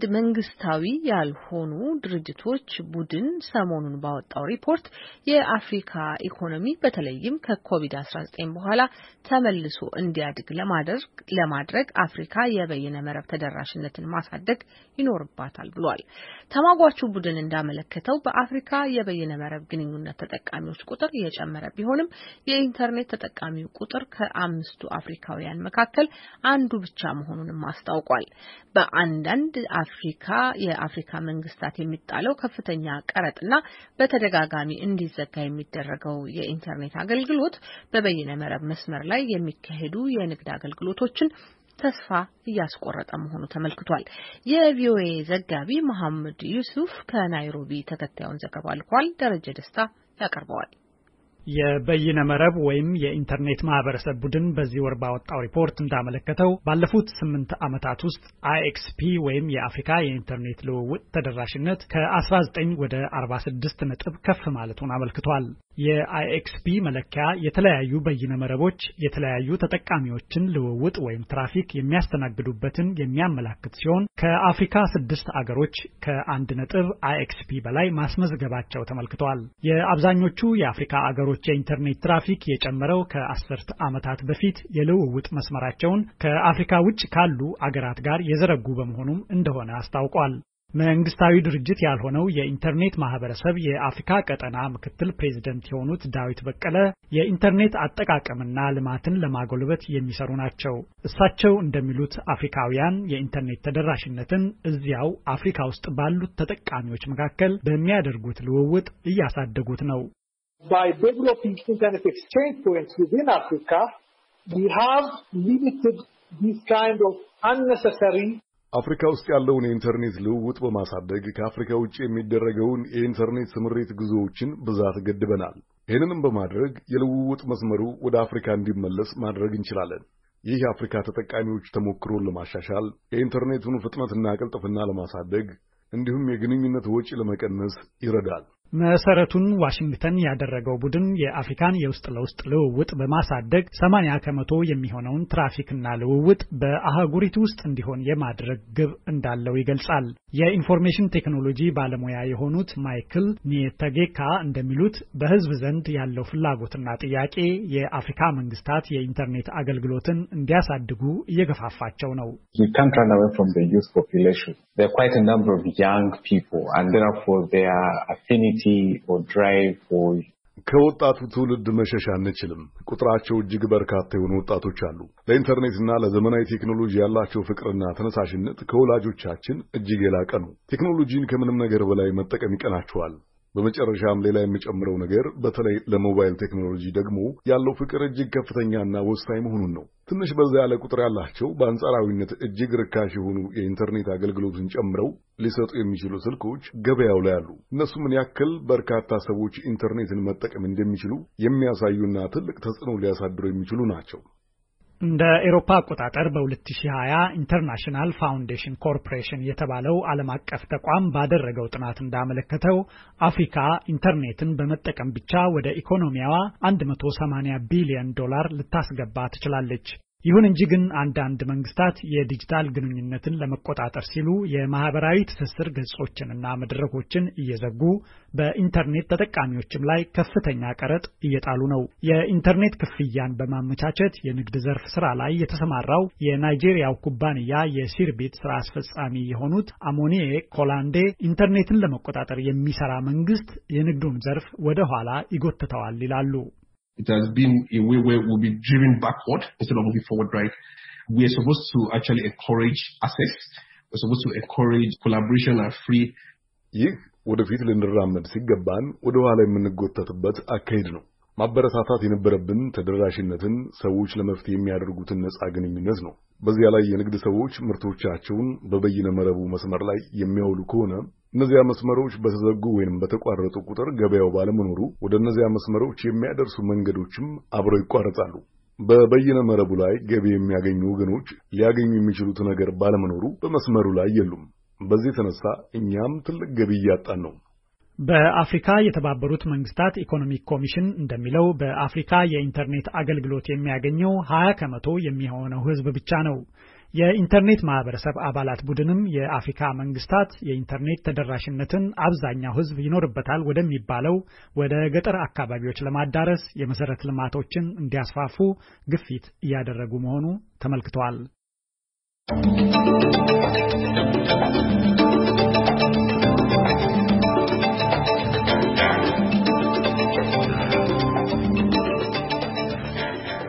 አንድ መንግስታዊ ያልሆኑ ድርጅቶች ቡድን ሰሞኑን ባወጣው ሪፖርት የአፍሪካ ኢኮኖሚ በተለይም ከኮቪድ-19 በኋላ ተመልሶ እንዲያድግ ለማድረግ አፍሪካ የበይነ መረብ ተደራሽነትን ማሳደግ ይኖርባታል ብሏል። ተሟጋቹ ቡድን እንዳመለከተው በአፍሪካ የበይነ መረብ ግንኙነት ተጠቃሚዎች ቁጥር እየጨመረ ቢሆንም የኢንተርኔት ተጠቃሚው ቁጥር ከአምስቱ አፍሪካውያን መካከል አንዱ ብቻ መሆኑንም አስታውቋል። በአንዳንድ አፍሪካ የአፍሪካ መንግስታት የሚጣለው ከፍተኛ ቀረጥና በተደጋጋሚ እንዲዘጋ የሚደረገው የኢንተርኔት አገልግሎት በበይነ መረብ መስመር ላይ የሚካሄዱ የንግድ አገልግሎቶችን ተስፋ እያስቆረጠ መሆኑ ተመልክቷል። የቪኦኤ ዘጋቢ መሐመድ ዩሱፍ ከናይሮቢ ተከታዩን ዘገባ ልኳል። ደረጀ ደስታ ያቀርበዋል። የበይነ መረብ ወይም የኢንተርኔት ማህበረሰብ ቡድን በዚህ ወር ባወጣው ሪፖርት እንዳመለከተው ባለፉት ስምንት ዓመታት ውስጥ አይኤክስፒ ወይም የአፍሪካ የኢንተርኔት ልውውጥ ተደራሽነት ከ19 ወደ 46 ነጥብ ከፍ ማለቱን አመልክቷል። የአይኤክስፒ መለኪያ የተለያዩ በይነ መረቦች የተለያዩ ተጠቃሚዎችን ልውውጥ ወይም ትራፊክ የሚያስተናግዱበትን የሚያመላክት ሲሆን ከአፍሪካ ስድስት አገሮች ከአንድ ነጥብ አይኤክስፒ በላይ ማስመዝገባቸው ተመልክቷል። የአብዛኞቹ የአፍሪካ አገሮች ድርጅቶች የኢንተርኔት ትራፊክ የጨመረው ከአስርት ዓመታት በፊት የልውውጥ መስመራቸውን ከአፍሪካ ውጭ ካሉ አገራት ጋር የዘረጉ በመሆኑም እንደሆነ አስታውቋል። መንግስታዊ ድርጅት ያልሆነው የኢንተርኔት ማህበረሰብ የአፍሪካ ቀጠና ምክትል ፕሬዚደንት የሆኑት ዳዊት በቀለ የኢንተርኔት አጠቃቀምና ልማትን ለማጎልበት የሚሰሩ ናቸው። እሳቸው እንደሚሉት አፍሪካውያን የኢንተርኔት ተደራሽነትን እዚያው አፍሪካ ውስጥ ባሉት ተጠቃሚዎች መካከል በሚያደርጉት ልውውጥ እያሳደጉት ነው። by developing internet exchange points within Africa, we have limited this kind of unnecessary አፍሪካ ውስጥ ያለውን የኢንተርኔት ልውውጥ በማሳደግ ከአፍሪካ ውጭ የሚደረገውን የኢንተርኔት ስምሪት ጉዞዎችን ብዛት ገድበናል። ይህንንም በማድረግ የልውውጥ መስመሩ ወደ አፍሪካ እንዲመለስ ማድረግ እንችላለን። ይህ የአፍሪካ ተጠቃሚዎች ተሞክሮን ለማሻሻል የኢንተርኔቱን ፍጥነትና ቅልጥፍና ለማሳደግ እንዲሁም የግንኙነት ወጪ ለመቀነስ ይረዳል። መሰረቱን ዋሽንግተን ያደረገው ቡድን የአፍሪካን የውስጥ ለውስጥ ልውውጥ በማሳደግ 80 ከመቶ የሚሆነውን ትራፊክና ልውውጥ በአህጉሪት ውስጥ እንዲሆን የማድረግ ግብ እንዳለው ይገልጻል። የኢንፎርሜሽን ቴክኖሎጂ ባለሙያ የሆኑት ማይክል ኒየተጌካ እንደሚሉት በሕዝብ ዘንድ ያለው ፍላጎትና ጥያቄ የአፍሪካ መንግስታት የኢንተርኔት አገልግሎትን እንዲያሳድጉ እየገፋፋቸው ነው። ዩዝ ፖፑሌሽን ዜር ኳይት ነምበር ኦፍ ያንግ ፒፕል ኤንድ አፊኒቲ ከወጣቱ ትውልድ መሸሽ አንችልም። ቁጥራቸው እጅግ በርካታ የሆኑ ወጣቶች አሉ። ለኢንተርኔትና ለዘመናዊ ቴክኖሎጂ ያላቸው ፍቅርና ተነሳሽነት ከወላጆቻችን እጅግ የላቀ ነው። ቴክኖሎጂን ከምንም ነገር በላይ መጠቀም ይቀናቸዋል። በመጨረሻም ሌላ የሚጨምረው ነገር በተለይ ለሞባይል ቴክኖሎጂ ደግሞ ያለው ፍቅር እጅግ ከፍተኛና ወሳኝ መሆኑን ነው። ትንሽ በዛ ያለ ቁጥር ያላቸው በአንጻራዊነት እጅግ ርካሽ የሆኑ የኢንተርኔት አገልግሎትን ጨምረው ሊሰጡ የሚችሉ ስልኮች ገበያው ላይ አሉ። እነሱ ምን ያክል በርካታ ሰዎች ኢንተርኔትን መጠቀም እንደሚችሉ የሚያሳዩና ትልቅ ተጽዕኖ ሊያሳድሩ የሚችሉ ናቸው። እንደ ኤሮፓ አቆጣጠር በ2020 ኢንተርናሽናል ፋውንዴሽን ኮርፖሬሽን የተባለው ዓለም አቀፍ ተቋም ባደረገው ጥናት እንዳመለከተው አፍሪካ ኢንተርኔትን በመጠቀም ብቻ ወደ ኢኮኖሚዋ 180 ቢሊዮን ዶላር ልታስገባ ትችላለች። ይሁን እንጂ ግን አንዳንድ መንግስታት የዲጂታል ግንኙነትን ለመቆጣጠር ሲሉ የማህበራዊ ትስስር ገጾችንና መድረኮችን እየዘጉ በኢንተርኔት ተጠቃሚዎችም ላይ ከፍተኛ ቀረጥ እየጣሉ ነው። የኢንተርኔት ክፍያን በማመቻቸት የንግድ ዘርፍ ስራ ላይ የተሰማራው የናይጄሪያው ኩባንያ ቤት ስራ አስፈጻሚ የሆኑት አሞኒዬ ኮላንዴ ኢንተርኔትን ለመቆጣጠር የሚሰራ መንግስት የንግዱን ዘርፍ ወደ ኋላ ይጎትተዋል ይላሉ። It has been a way where we'll be driven backward instead of moving forward, right? We are supposed to actually encourage assets. We're supposed to encourage collaboration and free. ይህ ወደፊት ልንራመድ ሲገባን ወደ ኋላ የምንጎተትበት አካሄድ ነው። ማበረታታት የነበረብን ተደራሽነትን፣ ሰዎች ለመፍትሄ የሚያደርጉትን ነፃ ግንኙነት ነው። በዚያ ላይ የንግድ ሰዎች ምርቶቻቸውን በበይነ መረቡ መስመር ላይ የሚያውሉ ከሆነ እነዚያ መስመሮች በተዘጉ ወይም በተቋረጡ ቁጥር ገበያው ባለመኖሩ ወደ እነዚያ መስመሮች የሚያደርሱ መንገዶችም አብረው ይቋረጣሉ። በበይነ መረቡ ላይ ገቢ የሚያገኙ ወገኖች ሊያገኙ የሚችሉት ነገር ባለመኖሩ በመስመሩ ላይ የሉም። በዚህ የተነሳ እኛም ትልቅ ገቢ እያጣን ነው። በአፍሪካ የተባበሩት መንግስታት ኢኮኖሚክ ኮሚሽን እንደሚለው በአፍሪካ የኢንተርኔት አገልግሎት የሚያገኘው 20 ከመቶ የሚሆነው ህዝብ ብቻ ነው። የኢንተርኔት ማህበረሰብ አባላት ቡድንም የአፍሪካ መንግስታት የኢንተርኔት ተደራሽነትን አብዛኛው ህዝብ ይኖርበታል ወደሚባለው ወደ ገጠር አካባቢዎች ለማዳረስ የመሰረት ልማቶችን እንዲያስፋፉ ግፊት እያደረጉ መሆኑ ተመልክተዋል።